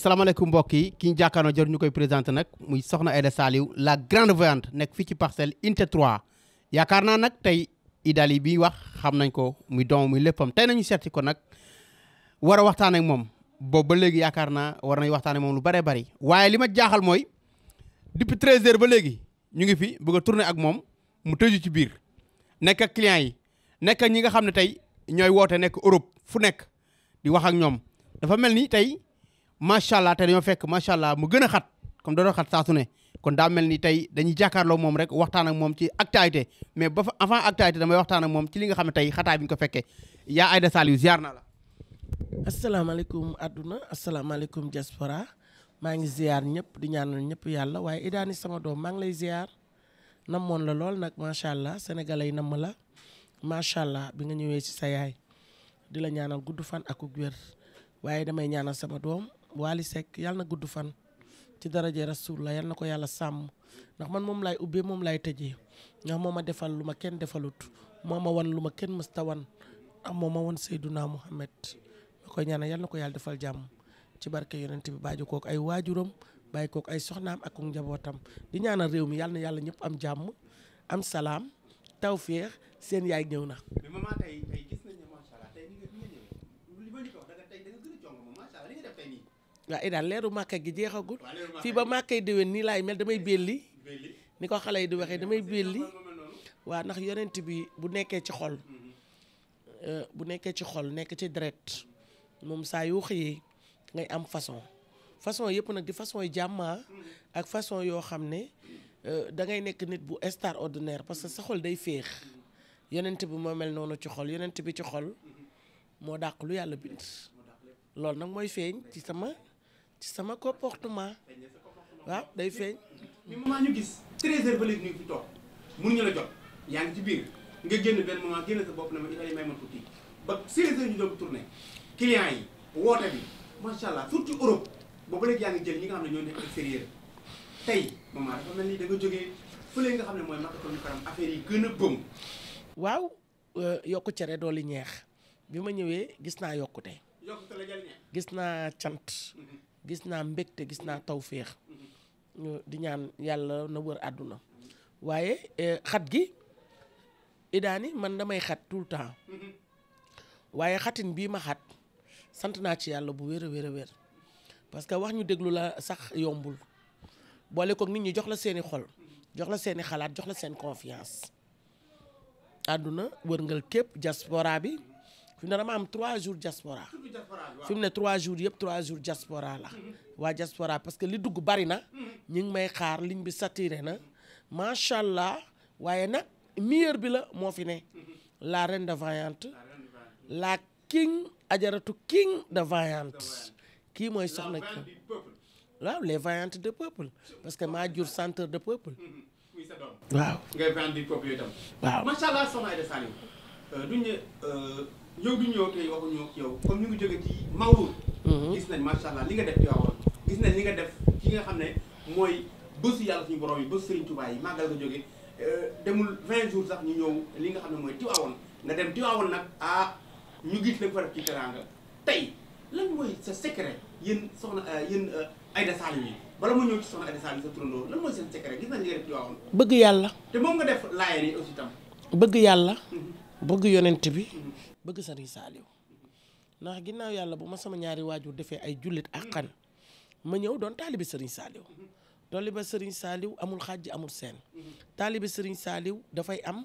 salaamaaleykum mbokk yi ki ñu jàkkaarloo jër ñu koy présenté nag muy soxna Aïda Saliou la grande voyante nekk fii ci parcelle unité yaakaar naa nag tey idali bi wax xam nañ ko muy doom muy léppam tey nañu seeti ko nag war a waxtaan ak moom boobu ba léegi yaakaar naa war nañ waxtaan ak moom lu bëree bari waaye li ma jaaxal mooy depuis 13 heures ba léegi ñu ngi fi bëgg a tourner ak moom mu tëju ci biir nekk ak yi nekk ñi nga xam ne tey ñooy woote nekk Europe fu nekk di wax ak ñoom dafa mel ni tey macha allah te dañoo fekk macha allah mu gën a xat comme da doon xat saa kon daa mel ni tey dañuy jàkkaarloo moom rek waxtaan ak moom ci actualité mais ba fa avant actualité damay waxtaan ak moom ci li nga xam ne tey xataay bi ñu ko fekkee yaa Aida na la. asalaamaaleykum adduna asalaamaaleykum diaspora maa ngi ziar ñëpp di ñaanal ñëpp yàlla waaye i idaani sama doom maa lay lay nam moon la lool nag macha allah sénégalais yi namm la macha allah bi nga ñëwee ci sa yaay di la ñaanal gudd fan ak wér waaye damay ñaanal sama doom. Waly Seck yàlla na gudd fan ci daraje rasulullah yal na ko yàlla sàmm ndax man moom laay ubbee moom laay tëjee ndax moom ma defal lu ma kenn defalut moo ma wan lu ma kenn mësta wan am moo ma wan Seyduna Muhammad ma koy ñaanal yàlla na ko yàlla defal jàmm ci barke yonent bi baajo kook ay waajuram bàyyi kook ay soxnaam ak njabootam di ñaanal réew mi yàlla na yàlla ñëpp am jàmm am salaam tawféex seen yaay ñëw na. waa i daal leeru màkka gi jeexagul fii ba yi déwén nii laay mel damay belli ni ko xale yi di waxee damay belli waa ndax yonent bi bu nekkee ci xol mm-hmm. euh, bu nekkee ci xol nekk ci direct moom saa yoo xëyee ngay am façon façon yëpp nag di façon yi jàmmaa ah, mm-hmm. ak façon yoo xam ne euh, da ngay nekk nit bu extraordinaire parce que sa xol day féex mm-hmm. yonent bi moo mel noonu ci xol yonent bi ci xol moo dàq lu yàlla bind loolu nag mooy feeñ ci sama ci sama comportement waaw day feeñ. mais moment ñu gis 13h ba léegi ñu ngi fi toog mënuñu la jot yaa ngi ci biir nga génn benn moment génn sa bopp na ma Ibrahima may yi woote bi macha allah surtout Europe boobu ñi nga xam ne ñoo nekk extérieur tey moment dafa da nga jógee nga xam ne mooy naka ko ñu faram affaire yi gën a bëm. waaw euh, yokku cere dooli ñeex bi ma ñëwee gis naa yokkute. yokkute gis naa cant. Mhm. gis naa mbégte gis naa tawféex mm-hmm. di ñaan yàlla na wër àdduna waaye eh, xat gi idaani man damay xat tout le temps mm-hmm. waaye xatin bii ma xat sant naa ci yàlla bu wér a wér a wér parce que wax ñu déglu la sax yombul boole kook nit ñi jox la seeni xol jox la seeni xalaat jox la seen confiance àdduna wërngal képp diaspora bi fi mu ne am trois jours diaspora fi mu ne trois jours yëpp trois jours diaspora la mhm. waa diaspora parce que li dugg bari na mhm. ñu ngi may xaar ligne bi saturé na macha allah waaye nag meilleur bi la moo fi ne mhm. la reine de vaillante la king ajaratu king de vaillante kii mooy soxna ki waaw les vaillantes de peuple parce que maa jur centre de peuple waaw yow du ñëw tey waxuñu yow comme ñu ngi jóge ci Mawlud. Mhm. gis nañ macha allah li nga def ci waawoon gis nañ li nga def ci nga xam ne mooy bésu yàlla suñu borom yi bésu Serigne Touba yi màggal nga jóge euh, demul 20 jours sax ñu ñëw li nga xam ne mooy Tiwaawoon nga dem Tiwaawoon nag ah ñu gis la fa def ci teraanga tey lan mooy sa yéen soxna euh, yéen euh, Aïda Saliou yi bala ma ñëw ci soxna Aïda Saliou sa turandoo lan mooy seen secret gis nañ li nga def bëgg yàlla. te moom nga def laayeen yi aussi tam. bëgg yàlla. Mhm. bëgg yonent bi. Mhm. bëgg sëriñ saaliw ndax ginnaaw yàlla bu ma sama ñaari waajur defee ay jullit ak ma ñëw doon taalibi sëriñ saaliw taalibi sëriñ saaliw amul xaj amul seen taalibi sëriñ saaliw dafay am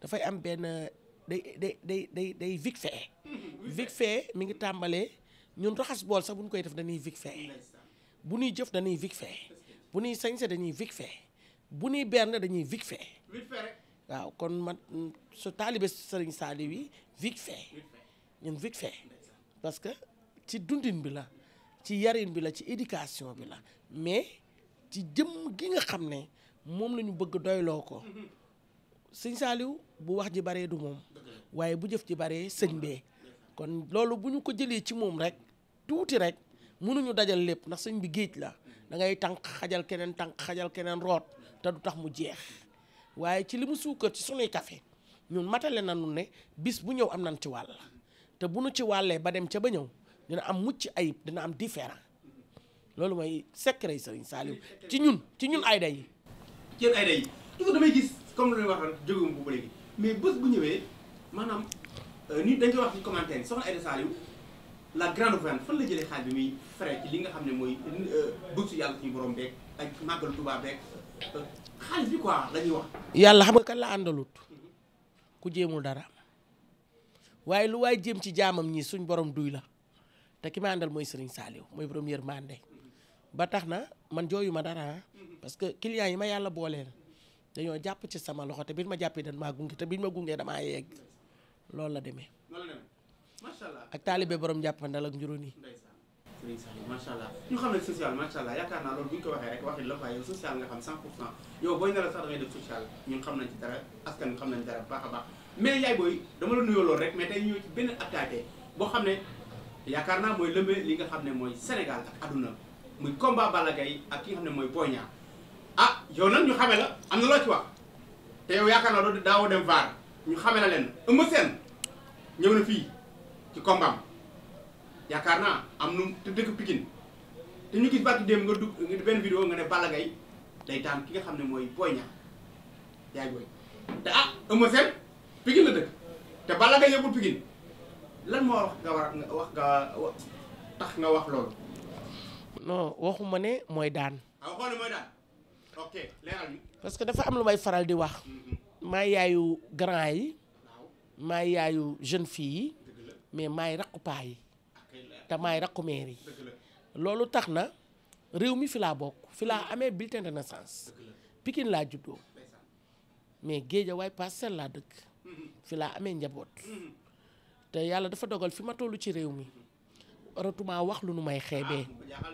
dafay am benn day day day day day vite fait mi ngi tàmbalee ñun raxas bool sax bu ñu koy def dañuy vite bu nuy jëf dañuy vite bu nuy sañse dañuy vite fait bu ñuy berne dañuy vite waaw kon ma su taalibe sëriñ Saliou yi vite fait ñun vite parce que ci dundin bi la ci yarin bi la ci éducation bi la mais ci jëmm gi nga xam ne moom lañu bëgg doyloo ko sëñ Saliou bu wax ji baree du moom waaye bu jëf ji baree sëñ bee kon loolu bu ñu ko jëlee ci moom rek tuuti rek munuñu dajal lépp ndax sëñ bi géej la da ngay tànk xajal keneen tànk xajal keneen root te du tax mu jeex waaye ci li mu suukar ci sunuy café ñun matale na nu ne bis bu ñëw am nañ ci wàll te bu nu ci wàllee ba dem ca ba ñëw dina am mucc ayib dina am différent loolu mooy secret yi saalim Saliou ci ñun ci ñun ayda yi. yéen ayda yi damay gis comme lu ñuy wax jógewum bu léegi mais bés bu maanaam euh, nit dañ koy wax ci commentaire soxna Aïda Saliou la grande vente fan la jëlee xaaj bi muy frais ci li nga xam ne mooy euh, bëgg su yàlla suñu borom beeg ak màggalu Tuubaa beeg euh, xaalis yàlla xam nga kan la àndalut ku jéemul dara waaye lu waaye jéem ci jaamam ñi suñ borom duy la te ki ma àndal mooy Serigne Saliou mooy première mandé ba tax na man jooyu ma dara parce que client yi ma yàlla booleel dañoo jàpp ci sama loxo te biñ ma jàppee dan maa gunge te biñ ma gungee damaa yegg loolu la demee. ak taalibe borom jàppandal ak njuróon yi. sëriñ Saliou macha allah ñu xam ne social macha allah yaakaar naa loolu bu ñu ko waxee rek waxit la waaye yow social nga xam 100 pour cent yow booy ne sax da def social ñun xam nañ ci dara askan xam nañ dara bu baax a baax mais yaay booy dama la nuyoo loolu rek mais tey ñëw ci benn attaqué boo xam ne yaakaar naa mooy lëmbee li nga xam ne mooy Sénégal ak aduna muy combat Balla ak ki nga xam ne mooy Boy Niang ah yow nag ñu xame la am na loo ci wax te yow yaakaar naa loolu daawoo dem vaar ñu xame la leen Eumeu Sène ñëw na fii ci combat yaakaar naa am nu te dëkk Pikine te ñu gis bàkki démb nga dugg benn vidéo nga ne Balla Gaye day daan ki nga xam ne mooy Boy Niang te ah Eumeu Sène Pikine la dëkk te Balla Gaye yëppul lan moo wax nga war a wax nga tax nga wax loolu. non waxuma ne mooy daan. Ah, parce que dafa am lu may faral di wax. Mm-hmm. maay yaayu grand yi. maay yaayu jeune fille yi. mais maay rakku paa yi. te maay rakku yi loolu tax na réew mi fi laa bokk fi laa amee bulletin de naissance laa juddoo mais Guédiawaye Parcelles laa dëkk mm-hmm. fi laa amee njaboot mm-hmm. te yàlla dafa dogal fi ma tollu ci réew mi waratumaa wax lu nu may xeebee ah,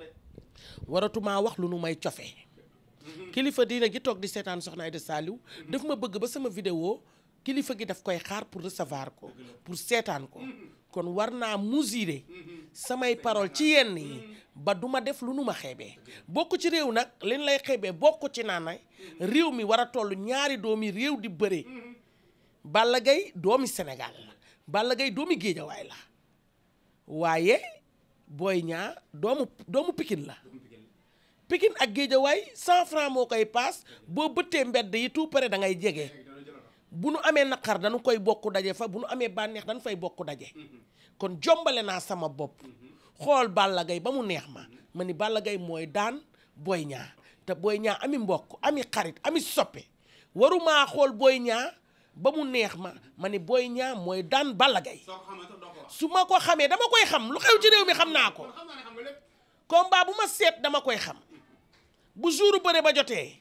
waratumaa wax lu nu may cofe mm-hmm. kilifa diina gi toog di seetaan soxna de Saliou daf ma bëgg ba sama vidéo kilifa gi daf koy xaar pour recevoir ko pour seetaan ko kon war naa mesurer samay parole ci yenn yi ba duma def lu nu ma xeebee bokk ci réew nag leen lay xeebee bokk ci naa na réew mi war a toll ñaari doomi réew di bëre Balla Gaye doomi Sénégal la Balla Gaye doomi Géejawaay la waaye booy Niang doomu doomu Pikine la Pikine ak Géejawaay cent franc moo koy paas boo bëttee mbedd yi tout près da ngay jege bu nu amee naqar dañu koy bokk daje fa bu nu amee bànneex dañu fay bokk daje kon jombale naa sama bopp xool Balla Gaye ba mu neex ma ma ni Balla Gaye mooy daan Boy ñaa te Boy Niang ami mbokk ami xarit ami soppe warumaa xool Boy Niang ba mu neex ma ma ni Boy ñaa mooy daan Balla Gaye su ma ko xamee dama koy xam lu xew ci réew mi xam naa ko combat bu ma seet dama koy xam bu jour bëre ba jotee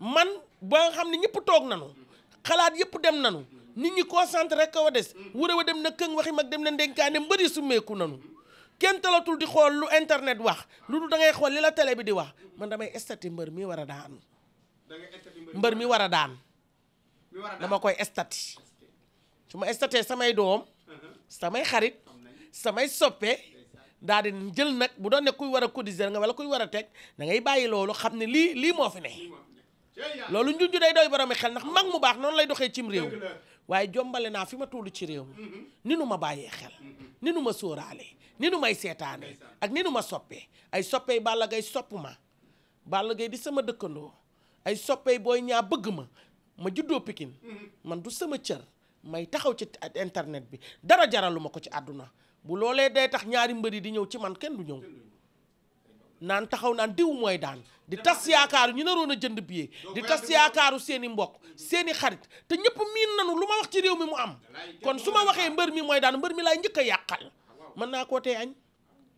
man boo xam ne ñëpp toog nanu xalaat yëpp dem nanu nit ñi koo rek kaw a des wure wa dem na këng waxi mag dem na ndenkaane mbëri summeeku nanu kenn talatul di xool lu internet wax lu dul da ngay xool li la télé bi di wax man damay stati mbër mi war a daan mbër mi war a daan dama koy stati su ma estatee samay doom uh-huh. samay xarit samay soppe daa di jël nag bu doon ne kuy war a cotiser nga wala kuy war a teg da ngay bàyyi loolu xam ne lii lii moo fi ne loolu njunju day doy boromi xel ndax mag mu baax noonu lay doxee cim réew waaye jombale naa fi ma toll ci réew mi mm-hmm. ni nu ma bàyyee xel mm-hmm. ni nu ma sóoraale ni nu may seetaane ak ni nu ma soppee ay soppey Balla Gaye sopp ma Balla Gaye di sama dëkkandoo ay soppey booy ñaar bëgg ma ma juddoo pikin mm-hmm. man du sama cër may taxaw ci internet bi dara jaralu ma ko ci àdduna bu loolee day tax ñaari mbër yi di ñëw ci man kenn du ñëw naan taxaw naan diw mooy daan di tas yaakaaru ñu naroon a jënd billet di tas yaakaaru seen i mbokk seeni xarit te ñëpp miin nanu lu ma wax ci réew mi mu am kon su ma waxee mbër mi mooy daan mbër mi laay njëkk a yàqal mën naa koo tee añ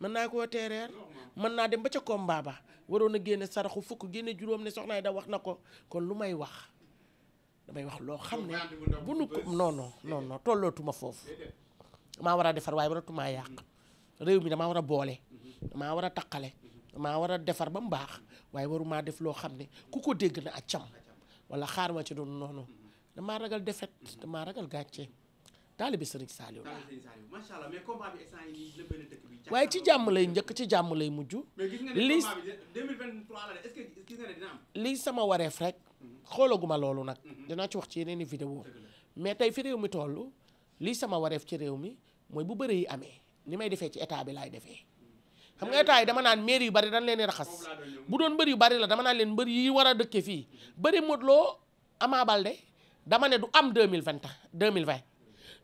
mën naa koo tee reer mën naa dem ba ca combat ba waroon a génne saraxu fukk génne juróom ne soxnaay da wax na ko kon lu may wax damay wax loo xam ne bu nu ko non non non non tollootuma foofu damaa war a defar waaye waratuma yàq réew mi damaa war a boole damaa war a taqale maa war a defar ba mu baax waaye warumaa def loo xam ne ku ko dégg na accam wala xaar ma ci doon noonu damaa ragal defet damaa ragal gàcce taalibe sëriñ Saliou la bi instant yi lëmbee waaye ci jàmm lay njëkk ci jàmm lay mujj li sama wareef rek xoolaguma loolu nag mhm. dinaa ci wax ci yeneen i vidéo mais tey fi réew mi toll lii sama wareef ci réew mi mooy bu bëri yi amee ni may defee ci état bi laay defee xam nga état yi dama naan maire yu bari dañ leen di raxas bu doon mbër yu bari la dama naan leen mbër yi war a dëkke fii bëri Modou loo Ama Baldé dama ne du am deux mille vingt deux mille vingt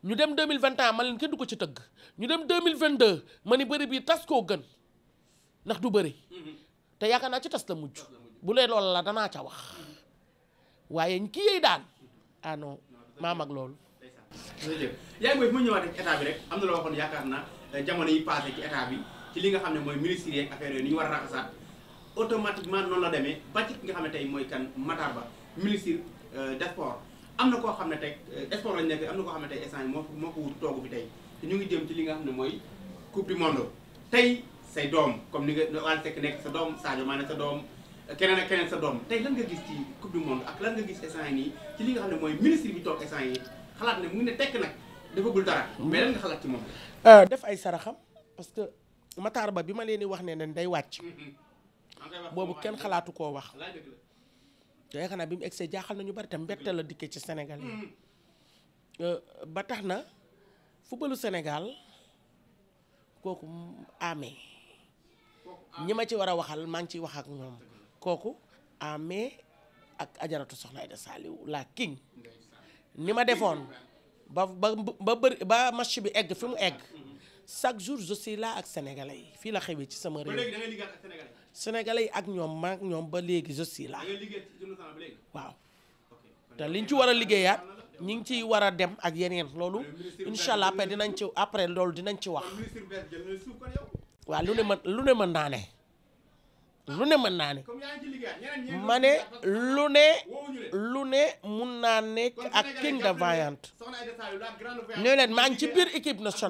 ñu dem deux mille vingt ma leen kenn ko ci tëgg ñu dem deux mille vingt deux ma ni bëri bii tas koo gën ndax du bëri te yaakaar naa ci tas la mujj bu lee loolu la danaa ca wax waaye ki yey daan ah maa mag loolu. yaa ngi mu ñëwaat rek état bi rek am na loo waxoon yaakaar naa eh, jamono yi passé ci état bi. ci li nga xam ne mooy ministère yeeg affaire yooyu ni ñu war a raxasaat automatiquement noonu la demee ba ci nga xam ne tey mooy kan Matar Ba ministre euh, des am na koo xam ne tey euh, sport lañu nekk am na koo xam ne tey instant moo moo ko wut toogu fi tey te ñu ngi jëm ci li nga xam ne mooy coupe du monde tey say doom comme ni nga Wally Seck nekk sa doom Sadio Mané sa doom keneen ak sa doom tey lan nga gis ci coupe du monde ak lan nga gis instant nii ci li nga xam ne mooy ministre bi toog instant yi xalaat ne mu ne tekk nag defagul dara mm-hmm. mais lan nga xalaat euh, def ay saraxam parce Matar Ba bi ma leen wax ne nen day wàcc mhm. boobu kenn xalaatu koo wax yooyu xanaa bi mu egg see jaaxal na ñu bari tam mbette a dikkee ci senegal yi mhm. euh, ba tax na footballu senegal kooku amee ñi ma ci war a waxal maa ngi ciy wax ak ñoom kooku amee ak ajaratu soxna Aïda Saliou la king ni ma defoon ba ba ba bëri ba match bi egg fi mu egg mhm. chaque jour je suis ak sénégalais yi fii la xewee ci sama réew. ba léegi da ngay liggéey ak yi ak ñoom maak ñoom ba léegi je la là. da waaw te liñ ci war a liggéeyaat ñi ngi ciy war a dem ak yeneen loolu incha allah après dinañ ci après loolu dinañ ci wax. waaw lu ne mën lu ne mën naa lu ne mën naa ne ma ne lu ne lu ne mun naa nekk ak king de vaillante ñooy leen maa ngi ci biir équipe bi eh,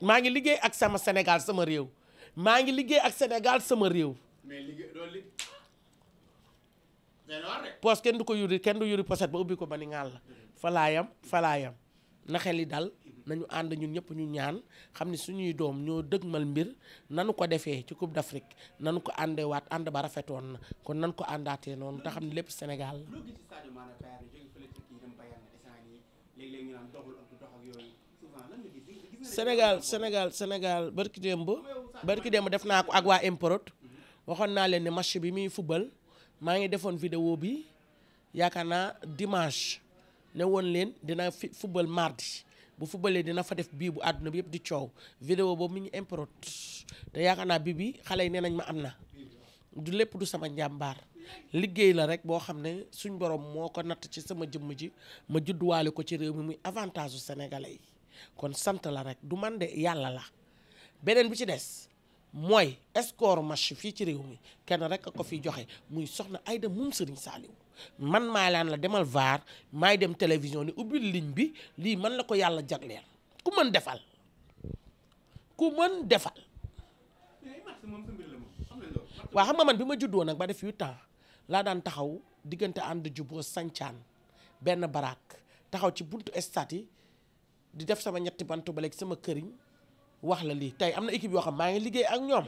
maa ngi liggéey ak sama senegal sama réew maa ngi liggéey ak senegal sama réew poos kenn du ko yuri kenn du yuri poset ba ubbi ko ba ni ŋàll la falaayam falaayam na xel yi dal nañu ànd ñun ñëpp ñu ñaan xam ni suñuy doom ñoo dëgmal mbir nanu ko defee ci Coupe d'Afrique nanu ko àndewaat ànd ba rafetoon na kon nan ko àndaatee noonu te xam ni lépp Sénégal Sénégal Sénégal Sénégal barki démb barki démb def naa ko ak waa Improd waxoon naa leen ne match bi muy football maa ngi defoon vidéo bi yaakaar naa dimanche ne woon leen dina fi football mardi bu fubalee dina fa def bii bu àdduna bi yëpp di coow vidéo boobu mu ngi improt te yaakaar naa bi bi xale yi nee nañ ma am na du lépp du sama njàmbaar liggéey la rek boo xam ne suñ borom moo ko natt ci sama jëmm ji ma judduwaale ko ci réew mi muy avantage su yi kon sant la rek du man de yàlla la beneen bi ci des mooy score match fii ci réew mi kenn rek a ko fiy joxe muy soxna Aida moom Serigne Saliou man maa laan la demal vaar maay dem télévision ni ubbi ligne bi lii man la ko yàlla jagleel ku mën defal ku mën defal. waa xam nga man bi ma juddoo nag ba def yu temps laa daan taxaw diggante ànd juboo sancaan benn baraak taxaw ci buntu stade yi di def sama ñetti bantu ba léegi sama këriñ wax la lii tey am na équipe yoo xam maa ngi liggéey ak ñoom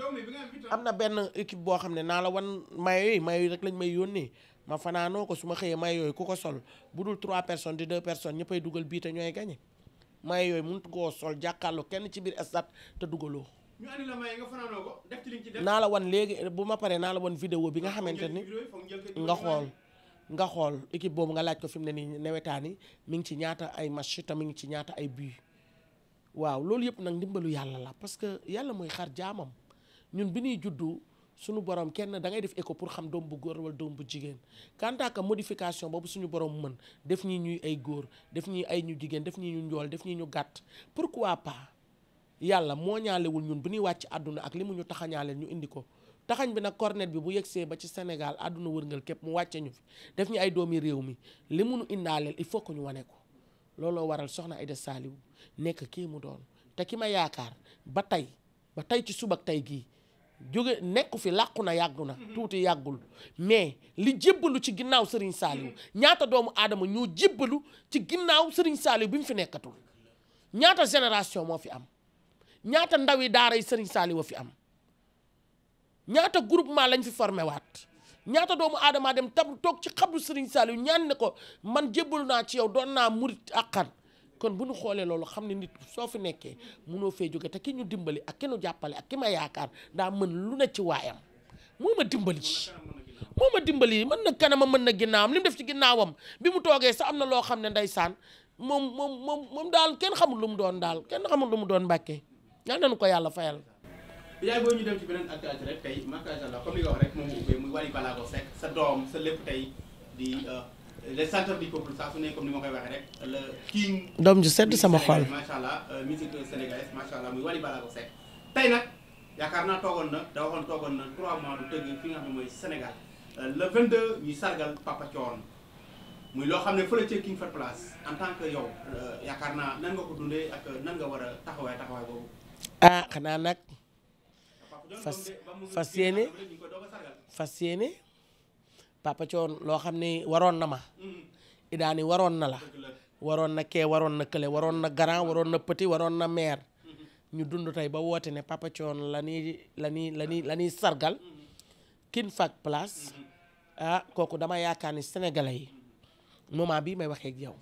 am na benn équipe boo xam ne naa la wan mayo yi mayo yi rek lañ may yónnee ma fanaanoo ko su ma xëyee may yooyu ku ko sol bu dul trois personnes di deux personnes ñëppay dugal bii te ñooy gañe may yooyu mun koo sol jàkkaarloo kenn ci biir stade te dugaloo. naa la wan léegi bu ma paree naa la wan vidéo bi nga xamante ni nga xool. nga xool équipe boobu nga laaj ko fi mu ne nii nawetaan yi mi ngi ci ñaata ay match te mi ngi ci ñaata ay but waaw loolu yëpp nag ndimbalu yàlla la parce que yàlla muy xar jaamam ñun bi ñuy juddu suñu borom kenn da ngay def écho pour xam doom bu góor wala doom bu jigéen quant à que modification boobu suñu borom mën def ñi ñuy ay góor def ñi ay ñu jigéen def ñi ñu njool def ñi ñu gàtt pour pourquoi pas yàlla moo ñaalewul ñun bu ñuy wàcc àdduna ak li mu ñu taxañaaleel ñu indi ko taxañ bi nag cornet bi bu yegsee ba ci senegal àdduna wërngal képp mu wàcce ñu fi def ñu ay doomi réew mi li mu nu indaaleel il faut que ñu wane ko looloo waral soxna Aïda Saliou nekk kii mu doon te ki ma yaakaar ba tey ba tey ci subak tey gii jóge nekku fi làqu na yàggu na mhm. tuuti yàggul mais li jébbalu ci ginnaaw Serigne Saliou mhm. ñaata doomu aadama ñu jébbalu ci ginnaaw Serigne Saliou bi mu fi nekkatul ñaata génération moo fi am ñaata ndawi daara yi Serigne Saliou a fi am ñaata groupement lañ fi formé waat ñaata doomu aadama dem tab toog ci xabru Serigne Saliou ñaan ne ko man jébbalu naa ci yow doon naa murit àqan kon bu nu xoolee loolu xam ne nit soo fi nekkee munoo fee jóge te ki ñu dimbali ak ki ñu jàppale ak ki ma yaakaar daa mën lu ne ci waayam moo ma dimbali moo ma dimbali mën na kanama mën na ginnaawam li def ci ginnaawam bi mu toogee sax am na loo xam ne ndeysaan moom moom moom moom daal kenn xamul lu mu doon daal kenn xamul lu mu doon mbàkkee ñaan nañu ko yàlla fayal. yaay les centres du peuple saa su ne comme ni ma koy waxee rek le king. doom ju sedd sama xol macha allah euh, musique sénégalaise macha allah muy Wally Ballago tey nag yaakaar naa toogoon na da waxoon toogoon na 3 mois du tëgg fi nga xam ne mooy Sénégal euh, le 22 ñuy sargal Papa Thione muy loo xam ne fële ca King Fahd Palace en tant que yow euh, yaakaar naa nan nga ko dundee ak nan nga war a taxawaay taxawaay boobu. ah xanaa nag fas fa yéene fas yéene. papa loo xam ne waroon na ma idaani waroon na la waroon na kee waroon na kële waroon na grand waroon na petit waroon na maire ñu dund tey ba woote ne papa coon la ñuy la ñuy la ñuy la ñuy sargal kin fak place ah kooku dama yaakaar ni sénégalais yi moment bii may waxee ak yow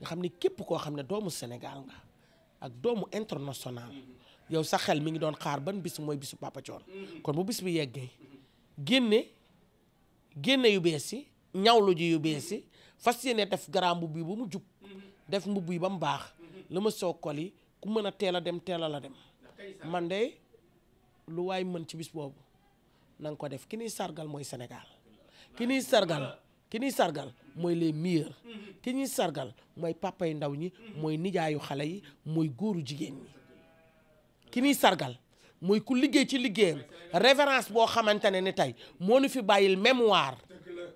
nga xam ni képp koo xam ne doomu sénégal nga ak doomu international yow sa xel mi ngi doon xaar ban bis mooy bisu papa mm-hmm. kon bu bis bi yeggee génne génne yu bees yi ñawlu ji yu bees yi fas yéene def garaa mbubb yi ba mu jub def mbubb yi ba mu baax la ma soo kol yi ku mën a teel a dem teel a la dem man de lu waay mën ci bis boobu na ko def ki ñuy sargal mooy Sénégal ki ñuy sargal ki sargal mooy les meilleurs ki ñuy sargal mooy papa yu ndaw ñi mooy nijaayu xale yi mooy góoru jigéen ñi ki ñuy sargal mooy ku liggéey ci liggéeyam révérence boo xamante ne ni tey moo nu fi bàyyil mémoire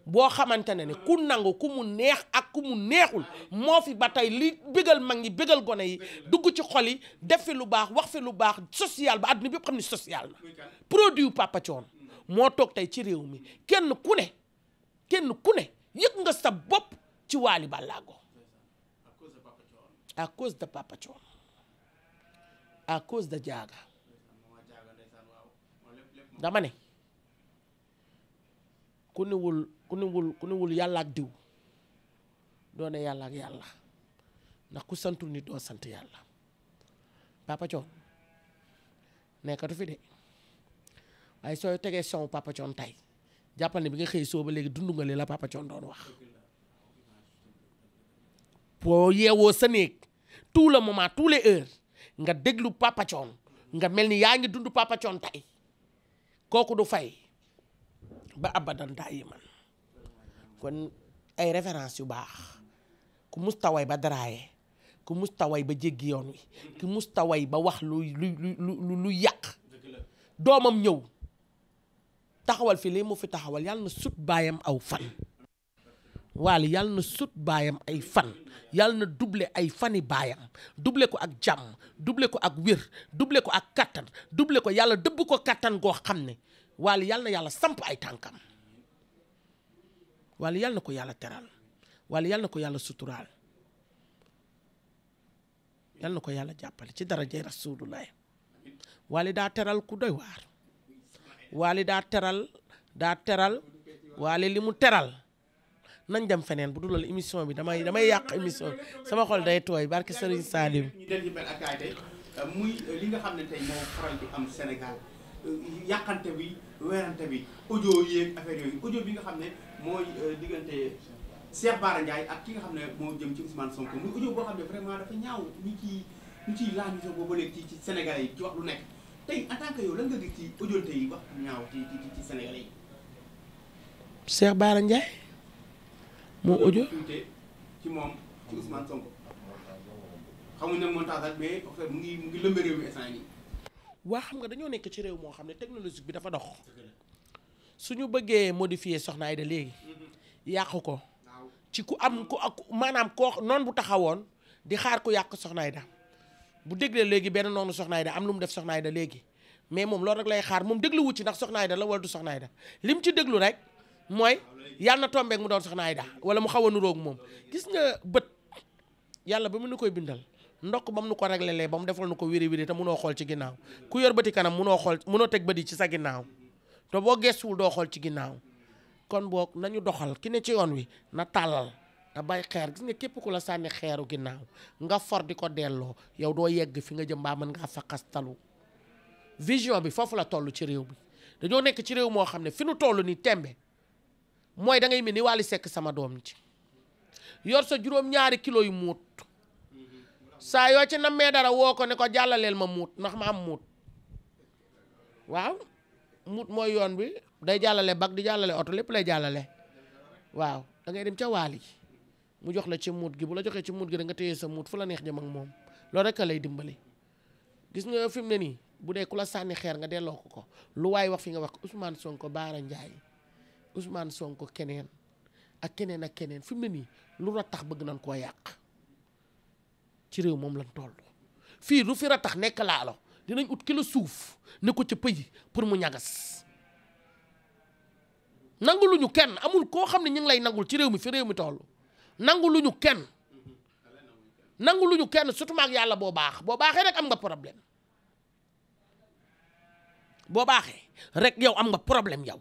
boo xamante ne ni ku nangu ku mu neex ak ku mu neexul moo fi ba tey li bégal mag ñi bégal gone yi dugg ci xol yi def fi lu baax wax fi lu baax social ba àdduna bi yëpp xam ne social na produit Papa Thione moo toog tey ci réew mi kenn ku ne kenn ku ne yëg nga sa bopp ci Waly Ballago à cause de Papa Thione à cause de Diaga dama ne ku niwul ku niwul ku niwul yàlla ak diw doo ne yàlla ak yàlla ndax ku santul nit doo sant yàlla Papa Thione nekkatu fi de waaye sooy tegee son Papa Thione tey jàppal ne bi nga xëy soo ba léegi dund nga li la Papa doon wax boo yeewoo sa néeg tout le moment tous les nga déglu Papa nga mel ni yaa ngi dund Papa Thione kooku du fay ba abadan daay man kon ay référence yu baax ku mustaway ba daraaye ku mustaway ba jéggi yoon wi ku mustaway ba wax lu lu lu lu yàq doomam ñëw taxawal fi lii mu fi taxawal yàlla na sut baayam aw fan waali yàlla na sut baayam ay fan yàlla na duble ay fani baayam doublé ko ak jàmm duble ko ak wér duble ko ak kattan duble ko yàlla dëbb ko kattan goo xam ne waali yàlla na yàlla samp ay tànkam waali yàlla na ko yàlla teral waali yàl na ko yàlla suturaal yàlla ko yàlla jàppale ci darajay rasulullah waali daa teral ku doy waar waali daa teral daa teral waali li teral nañ dem feneen bu dul loolu émission bi damay damay yàq émission sama xol day tooy barke Serigne Salim. ñu dellu benn akaay muy li nga xam ne tey moo faral di am Sénégal euh, yàqante bi weerante bi audio yeeg affaire yooyu bi nga xam ne mooy euh, diggante Cheikh Bara Ndiaye ak ki nga xam ne moo jëm ci Ousmane Sonko muy audio boo xam ne vraiment dafa ñaaw ñu ciy ñu ciy laaj ñu boobu léegi ci ci Sénégal yi ci wax lu nekk tey en tant que yow lan nga gis ci audio tey wax ñaaw ci Sénégal yi. Cheikh Bara mu ngi mu ngi lëmbe waa xam nga dañoo nekk ci réew moo xam ne technologie bi dafa dox su ñu bëggee modifier Soxna Aida léegi mm-hmm. yàq ko ci ku am ku ak maanaam koo noon bu taxawoon di xaar ku yàq Soxna Aida bu déglee léegi benn noonu Soxna Aida am lu mu def Soxna Aida léegi mais moom loolu rek lay xaar moom dégluwu ci ndax soxnaay da la wala du Soxna Aida lim ci déglu rek mooy yàlla na tombeek mu doon soxna Ayda wala mu xaw a nuroog moom gis nga bët yàlla ba mu nu koy bindal ndokk ba mu nu ko réglelee ba mu defal nu ko wiri wiri te munoo xool ci ginnaaw ku yor bëti kanam munoo xool munoo teg ba di ci sa ginnaaw te boo gestuwul doo xool ci ginnaaw kon boog nañu doxal ki ne ci yoon wi na tàllal te bàyyi xeer gis nga képp ku la sànni xeeru ginnaaw nga for di ko delloo yow doo yegg fi nga jëm baa mën ngaa faqastalu vision bi foofu la toll ci réew bi dañoo nekk ci réew moo xam ne fi nu toll nii tembe mooy da ngay mel ni waali sekk sama doom ci yor sa juróom-ñaari kilo yu muut saa yoo ci nammee dara woo ko ne ko jàllaleel ma muut ndax ma am muut waaw muut mooy yoon bi day jàllale bag di jàllale oto lépp lay jàllale waaw dangay ngay dem ca Wally mu jox la ci muut gi bu la joxee ci muut gi da nga téye sa muut fu la neex jëm ak moom loolu rek lay dimbali gis nga fi mu ne nii bu dee ku la sànni xeer nga delloo ko ko lu waay wax fi nga wax ko Ousmane Sonko Baara Ndiaye Ousmane Sonko keneen ak keneen ak keneen fi mu ne nii lu rattax bëgg nañ koo yàq ci réew moom lañ toll fii lu fi rattax nekk laalo dinañ ut ki la suuf ne ko ca pëy pour mu ñagas nangu lu ñu kenn amul koo xam ne ñu lay nangul ci réew mi fi réew mi toll nangu lu ñu kenn nangu lu ñu kenn sutumaak yàlla boo baax boo baaxee rek am nga problème boo baaxee rek yow am nga problème yow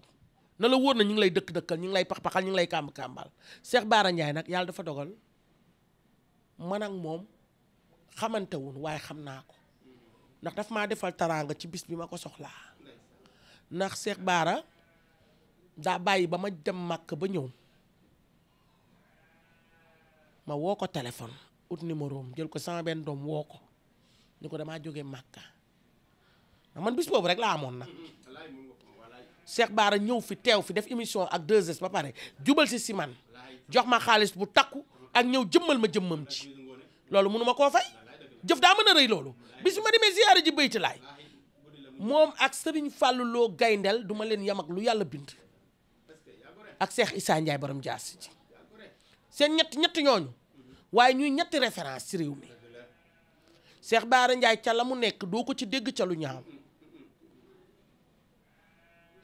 na la wóor na ñu ngi lay dëkk-dëkkal ñu ngi lay pax-paxal ñu ngi lay kàmb-kàmbal Cheikh Bara Ndiaye nag yàlla dafa dogal man ak moom xamante wuñ waaye xam naa ko ndax daf maa defal taraanga ci bis bi ma ko soxlaa ndax Cheikh baara daa bàyyi ba ma dem màkk ba ñëw ma woo ko téléphone ut numéro jël ko sama benn doom woo ko ni ko damaa jógee màkka man bis boobu rek laa amoon nag Cheikh baara ñëw fi teew fi def émission ak 2S ba pare jubal si si man jox ma xaalis bu takku ak ñëw jëmmal ma jëmmam ci loolu mënu ma koo fay jëf daa mën a rëy loolu bis ma demee si ji bayti laay moom ak Serigne Fallou Lo gayndel leen yam ak lu yàlla bind ak Cheikh Issa Ndiaye borom jaas ci seen ñett ñett ñooñu waaye ñuy ñetti référence ci réew mi Cheikh Bara Ndiaye ca la mu nekk doo ko ci dégg ca lu ñaaw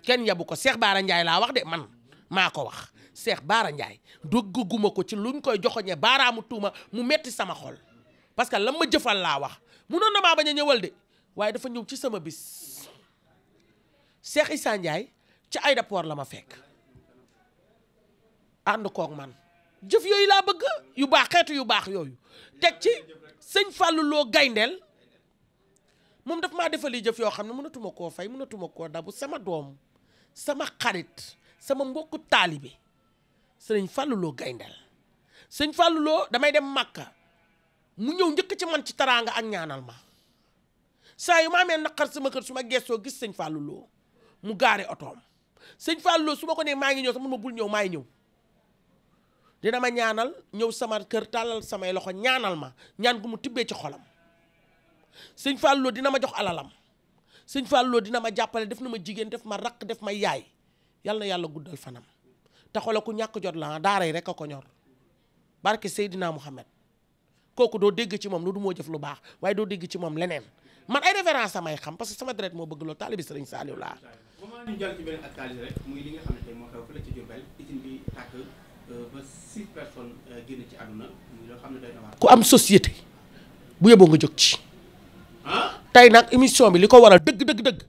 kenn yabu ko Cheikh Baara Ndiaye laa wax de man maa ko wax Cheikh Baara Ndiaye doggaguma ko ci luñ koy joxoñe baaraamu tuuma mu metti sama xol parce que la ma jëfal laa wax munoon na maa bañ a ñëwal de waaye dafa ñëw ci sama bis Cheikh Issa ci ci aéroport la ma fekk ànd kook man jëf yooyu laa bëgg yu baax xeetu yu baax yooyu teg ci sëñ Fallou Lo gayndeel moom daf maa defalee jëf yoo xam ne mënatuma koo fay mënatuma koo dabu sama doom sama xarit sama mbokku taalibe sëñ fàlluloo gayndel sëñ fàlluloo damay dem màkka mu ñëw njëkk ci man ci taraanga ak ñaanal ma saa yu ma amee naqar sama kër su ma geesoo gis sëñ fàlluloo mu gaare otoom sëñ fàlluloo su ma ko nee maa ngi ñëw sax mun ma bul ñëw maay ñëw dina ma ñaanal ñëw sama kër tàllal samay loxo ñaanal ma ñaan ku mu tibbee ci xolam sëñ fàlluloo dina ma jox alalam sëñ Fallou dina ma jàppale def na ma jigéen def ma rakk def ma yaay yal na yàlla guddal fanam te xoolal ku ñàkk jot la ah, daara yi rek a ko ñor barke Seydina Mohamed kooku doo dégg ci moom lu du moo jëf lu baax waaye doo dégg ci moom leneen man ay référence samay xam parce que sama deret moo bëgg loolu taalibi sëriñ Saliou laa. comment ñu jàll ci beneen actualité euh, euh, ku am société bu yeboo nga jóg ci. tey nag émission bi li ko waral dëgg dëgg dëgg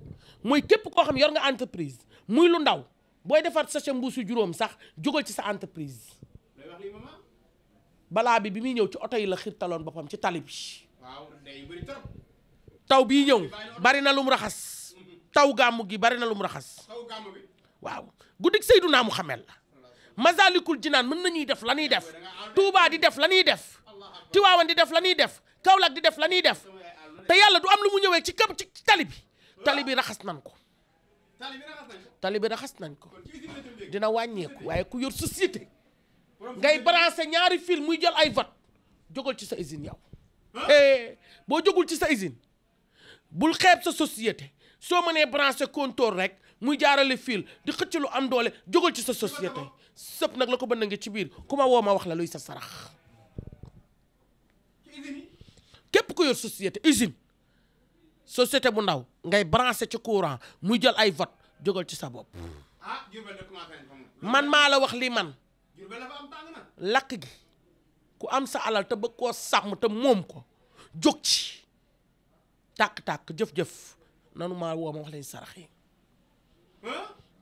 mooy képp koo xam yor nga entreprise muy lu ndaw booy defar sachet mbuusu juróom sax jógal ci sa entreprise balaa bi bi muy ñëw ci oto yi la xirtaloon boppam ci tali bi taw bii ñëw bari na lu mu raxas taw gàmmu gi bari na lu mu raxas waaw guddik Seydunaa Muhammad la Masalikul Jinaan mën nañuy def la ñuy def Touba di def la ñuy def Tiwaawan di def la ñuy def Kaolack di def la ñuy def te yàlla du am lu mu ñëwee ci këpp ci tali bi tali bi raxas nañ ko tali bi raxas nañ ko dina wàññeeku waaye ku yor société ngay branché ñaari fil muy jël ay vote jógal ci sa usine yow eh, boo jógul ci sa usine bul xeeb sa société soo mënee branché compteur rek muy jaarale fil di xëcc lu am doole jógal ci sa société sëpp nag la ko bënn ngi ci biir ku ma woo ma wax la luy sa sarax képp ko yor société usine société bu ndaw ngay branché ci courant muy jël ay vote jógal ci sa bopp. Ah, man maa la wax lii man lakk gi ku am sa alal te bëgg koo sàmm te moom ko jóg ci tàkk-tàkk jëf-jëf nanu maa woo ma wax leen sarax yi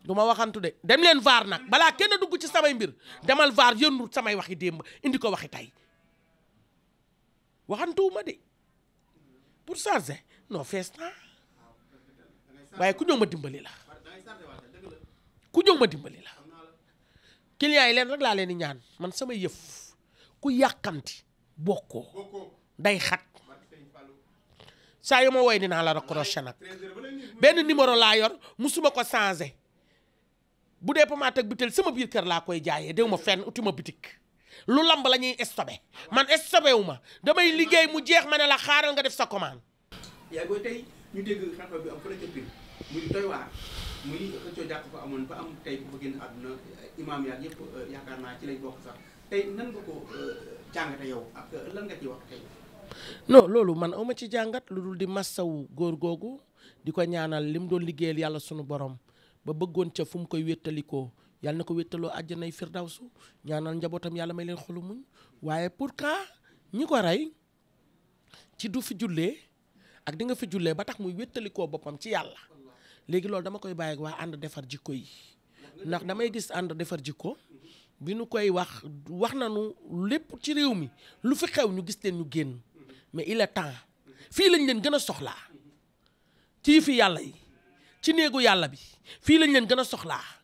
du ma waxantu de dem leen vaar nag balaa kenn dugg ci samay mbir demal vaar yëndu samay waxi démb indi ko waxi tey waxantuwuma de pour charger non fees waaye ku ñëw ma dimbali la ku ñëw ma dimbali la clients yi leen rek laa leen di ñaan man sama yëf ku yàkkamti bokkoo day xat saa yu ma woy dinaa la raccroché nag benn numéro laa yor musuma ko changé bu dee pommade ak butéel sama biir kër laa koy jaayee déw ma fenn uti ma bitik lu lamb lañuy ñuy man stoppé wu ma damay liggéey mu jeex ma ne la xaaral nga def sa commande. yaa ngi koy tey ñu dégg xew-xew am fa la jëppee muy am tey ku fa génn imaam yaag yëpp euh, yaakaar naa ci lañ bokk sax tey nan nga ko euh, jàngate yow ak euh, lan nga ci wax tey. non loolu man awma ci jàngat lu dul di massawu góor googu di ko ñaanal mu doon liggéeyal yàlla sunu borom ba bëggoon ca fu mu koy wéttalikoo yàlla na ko wéttaloo àjjanay firdawsu ñaanal njabootam yàlla may leen xolu muñ waaye pour que ñi ko rey ci du fi jullee ak di nga fi jullee ba tax muy wéttalikoo boppam ci yàlla léegi loolu dama koy bàyyi ak waa ànd defar jikko yi ndax damay gis ànd defar jikko bi nu koy wax wax na nu lépp ci réew mi lu fi xew ñu gis leen ñu génn mais il est temps fii lañ leen gën a soxlaa ci fi yàlla yi ci néegu yàlla bi fii lañ leen gën a soxlaa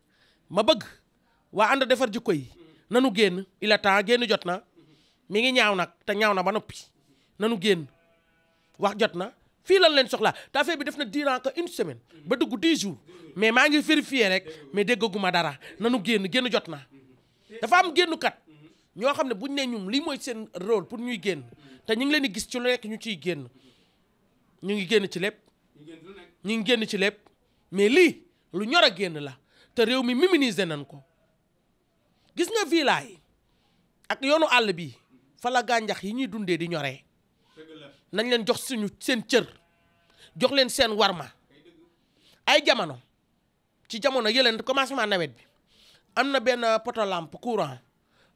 ma bëgg waa ànd defar jikko yi nanu génn il temps génn jot na mi ngi ñaaw nag te ñaaw na ba noppi nanu génn wax jot na fii lan leen soxla te affaire bi def na durant que une semaine ba dugg 10 jours mais maa ngi vérifier rek mais déggaguma dara nanu génn génn jot na dafa am génnukat ñoo xam ne buñ ne ñum lii mooy seen rôle pour ñuy génn te ñu ngi leen di gis ci lu nekk ñu ciy génn ñu ngi génn ci lépp ñu ngi génn ci lépp mais lii lu ñor a génn la te réew mi minimisé nañ ko gis nga village ak yoonu àll bi fa la gàncax yi ñuy dundee di ñoree nañ leen jox suñu seen cër jox leen seen warma ay jamono ci jamono yëleen commencement nawet bi am na benn poto lampe courant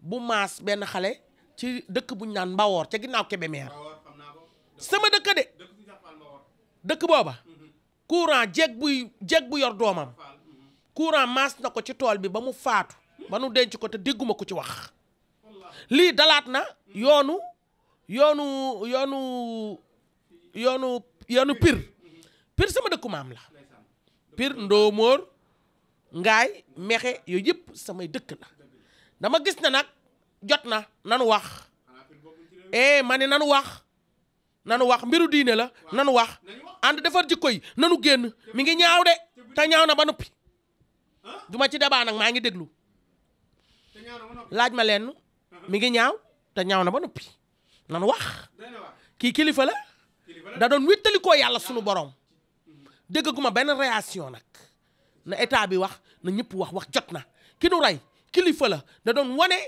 bu maas benn xale ci dëkk bu ñu naan Mbawoor ca ginnaaw Kébémer sama dëkk de dëkk booba mhm. courant jeeg buy jeeg bu yor doomam courant maas na ko ci tool bi ba mu faatu ba nu denc ko te dégguma ko ci wax lii dalaat na yoonu yoonu yoonu yoonu yoonu Pire Pire sama dëkku maam la Pire Ndoomoor Ngaay Mexe yooyu yëpp samay dëkk la dama gis ne nag jot na nanu wax eh ma ne nanu wax nanu wax mbiru diine la nanu wax ànd defar jikko yi nanu génn mi ngi ñaaw de te ñaaw na ba noppi du ma ci débat nag maa ngi déglu laaj ma lenn mi ngi ñaaw te ñaaw na ba noppi nan wax kii kilifa la da doon wéttali koo yàlla sunu borom déggaguma benn réaction nag na état bi wax na ñëpp wax wax jot na ki nu rey kilifa la da doon wane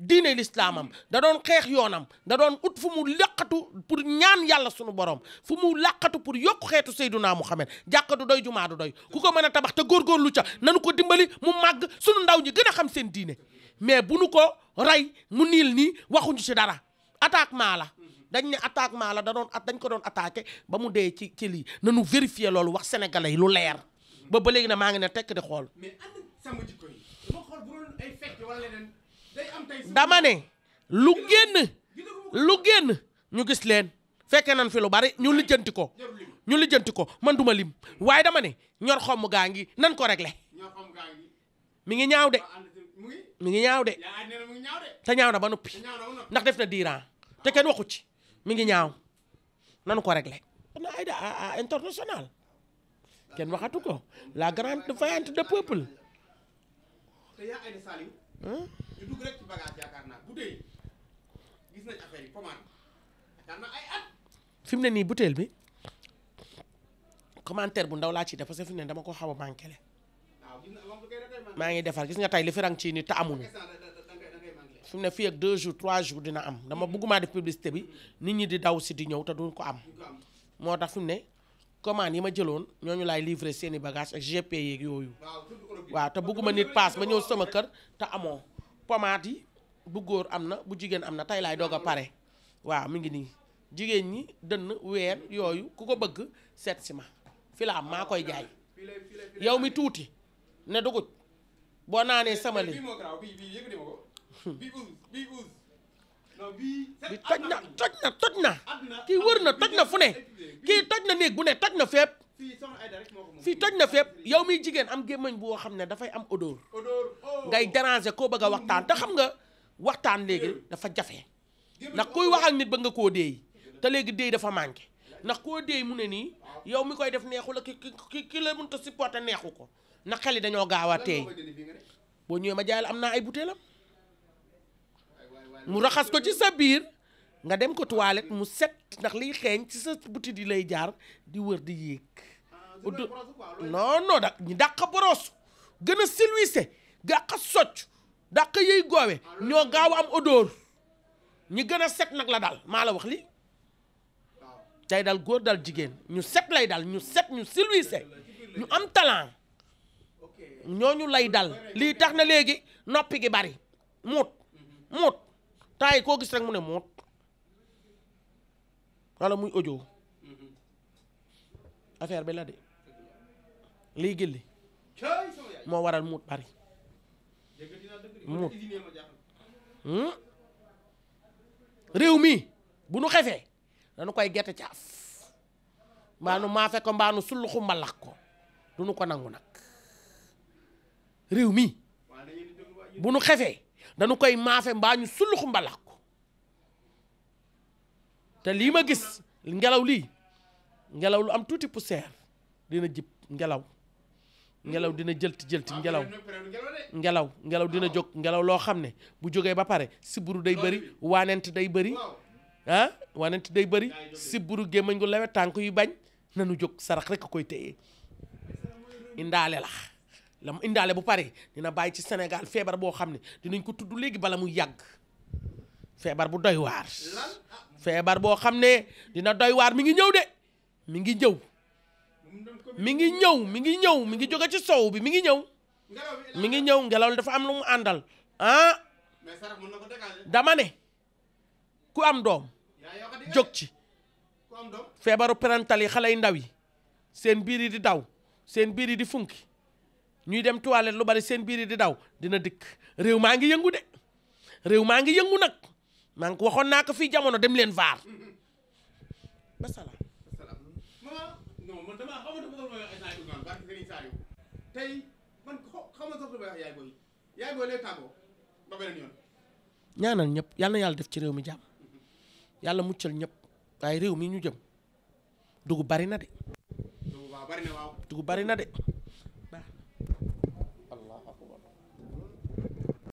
diine lislaamam da doon xeex yoonam da doon ut fu mu làqatu pour ñaan yàlla sunu borom fu mu làqatu pour yokk xeetu Seydunaa Muhammad jàkka du doy jumaa du doy ku ko mën a tabax te góorgóorlu ca nanu ko dimbali mu màgg sunu ndaw ñi gën a xam seen diine mais bu nu ko rey mu niil nii waxuñu ci dara attaque maa la dañ ne attaque maa la da doon dañ ko doon attaqué ba mu dee ci ci na nanu vérifier loolu wax sénégalais yi lu leer ba ba léegi na maa ngi ne tekk di xool. dama ne lu génn lu génn ñu gis leen fekke nan fi lu bari ñu lijjanti ko ñu lijjanti ko man duma lim waaye dama ne ñor xomm gaa ngi nan ko régler mi ngi ñaaw de mi ngi ñaaw de te ñaaw na ba noppi ndax def na diiran te kenn waxu ci mi ngi ñaaw nanu ko régler na Aïda ah, ah, kenn waxatu ko la grande défaillante de peuple ñu yaakaar naa mu ne nii butéel bi commentaire bu ndaw laa ciy def parce que ne dama ko xaw a manqué le maa ngi defar gis nga tey li fi rang ci ni te amuñu fi ne fii ak deux jours trois jours dina am dama mm-hmm. buggumaa def publicité bi nit ñi di daw si di ñëw te duñ ko am moo tax fi ne. commande yi ma jëloon ñooñu laay livrer seen i bagage ak GP yeeg yooyu waaw te bëgguma nit paas ba ñëw sama kër te amoo pomade yi bu góor am na bu jigéen am na tey laay doog a pare waa mi ngi nii jigéen ñi dënn weer yooyu ku ko bëgg seet si ma fi maa koy jaay yow mi tuuti ne dugut boo naanee sama li bi toj na toj na toj na kii wër na toj na fu ne kii toj na néeg bu ne toj na fépp fii toj na fépp yow mii jigéen am gémmañ boo xam ne dafay am odeur oh. ngay déranger koo bëgg a waxtaan te xam nga waxtaan léegi dafa jafe ndax kuy wax ak nit ba nga koo déey te léegi déey dafa manqué ndax koo déey mu ne nii yow mi koy def neexu la ki ki ki la mënut a supporter neexu ko ndax xel yi dañoo gaaw a teey boo ñëwee ma jaay la am naa ay butéelam mu raxas ko ci sa biir nga dem ko toilette mu set ndax liy xeeñ ci sa butit yi lay jaar di wër di yéeg ah, non non da ñu dàq boros gën a silwise a socc dàq yëy goowe ah, ñoo gaaw am odeur ñi gën a set nag la daal maa la wax li day dal góor dal jigéen ñu set lay dal ñu set ñu silwise ñu am talent ñooñu lay dal lii tax na léegi noppi gi bari muut muut temps koo gis rek mu ne moot wala muy audio affaire bi la de liy gilli moo waral muut bari muut hmm? réew mi bu nu xefee dañu koy gerte caaf mbaa nu maafe ko mbaa nu sulluxu mbalax ko du nu ko nangu nag réew mi bu nu xefee danu koy maafe mbaa ñu sulux mbalax ko te lii ma gis ngelaw lii ngelaw lu am tuuti poussière dina jib ngelaw ngelaw dina jëlti jëlt ngelaw ngelaw ngelaw dina jóg ngelaw loo xam ne bu jógee ba pare siburu day bëri waanent day bëri ah waanent day bëri siburu gémmañ gu lawe tànk yu bañ nanu jóg sarax rek a koy téye indaale la la mu indaale bu pare dina bàyyi ci senegal feebar boo xam ne dinañ ko tudd léegi bala muy yàgg feebar bu doy waar. feebar boo xam ne dina doy waar mi ngi ñëw de mi ngi ñëw. mi ngi ñëw mi ngi ñëw mi ngi jóge ci sow bi mi ngi ñëw. mi ngi ñëw ngelaw li dafa am lu mu àndal ah. dama ne ku am doom jog ci feebaru parental yi xale yu ndaw yi seen biir yi di daw seen biir yi di funki. ñuy dem toilette lu bari seen biir di daw dina dikk réew maa ngi yëngu de maa ngi yëngu nag maa ngi waxoon naa ko fii jamono dem leen vaar basalaam. non man ñaanal ñëpp yàlla yàlla def ci réew mi jàmm yàlla muccal ñëpp waaye réew mi ñu jëm dugub bari de. dugub waaw de.